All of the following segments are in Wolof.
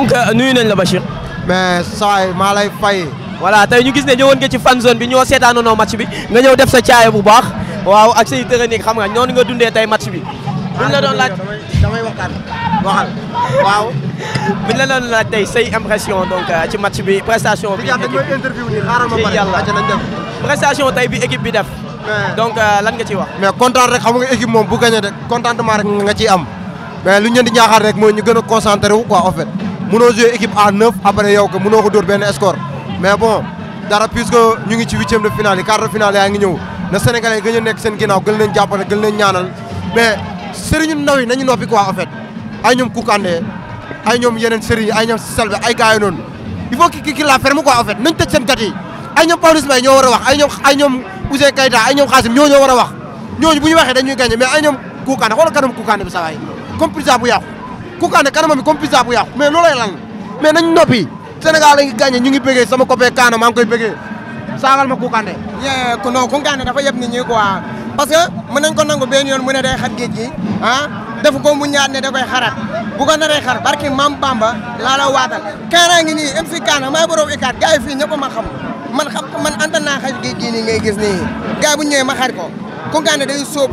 donc euh, nuyu nañ la Bachir. mais saay maa lay fay. voilà tey ñu gis ne ñëwoon nga ci fan bi ñoo seetaanoo match bi nga ñëw def sa caaya bu baax waaw ak say technique xam nga ñoonu nga dundee tey match bi. buñ la doon laaj damay waxtaan waxal waaw. buñ la doon laaj tey say impression donc euh, ci match bi prestation bi. prestation tey bi équipe bi def. donc euh, lan nga ciy wax. mais kontaan rek xam nga équipe moom bu gagné rek contentement rek nga ciy am mais lu ñu leen gën a concentré wu mënoo jouer équipe à neuf après yow ko mënoo ko dóor benn score mais bon dara puisque ñu ngi ci huitième de finale yi de finale yaa ngi ñëw na sénégalais yi gën a nekk seen ginnaaw gën leen jàppale gën leen ñaanal mais sëriñu ndaw yi nañu noppi quoi en fait ay ñoom Koukandé ay ñoom yeneen sëriñ yi ay ñoom Salbe ay gars yi noonu il faut que kii la ferme quoi en fait nañ tëj seen gat yi ay ñoom Pawlish Mbaye war a wax ay ñoom ay ñoom Ousseyn ay ñoom Xaasim ñoo ñoo war wax ñooñu bu ñu waxee dañuy gagné mais ay ñoom Koukandé xoolal Kounkandé kanamam bi comme pizza bu yàqu mais loolay lan mais nañ noppi Sénégal la ngi gagné ñu ngi bëggee sama copain Kaana maa ngi koy bëggee saagal ma Kounkandé. yee non Kounkandé dafa yeb nit ñi quoi parce que mën nañ ko nangu benn yoon mu ne day xat géej gi ah ko mu ñaar ne da koy xaraat bu ko naree xar barki Maam Bamba laa la waatal Kaana ngi nii MC Kaana maay borom ikaat gars yi fii ñëpp ma xam man xam man anta naa xaj géej gi nii ngay gis nii gars bu ñëwee ma xar ko Kounkandé day sóob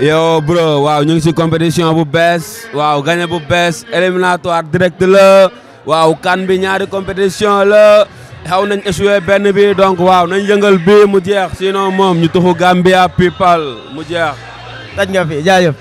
yow bro waaw ñu ngi si compétition bu bees waaw gagné bu bees éliminatoire direct la waaw kan bi ñaari compétition la xaw nañ échoué benn bi donc waaw nañ yëngal bi mu jeex sinon moom ñu tuxu Gambia people mu jeex. taj nga fi jaajëf.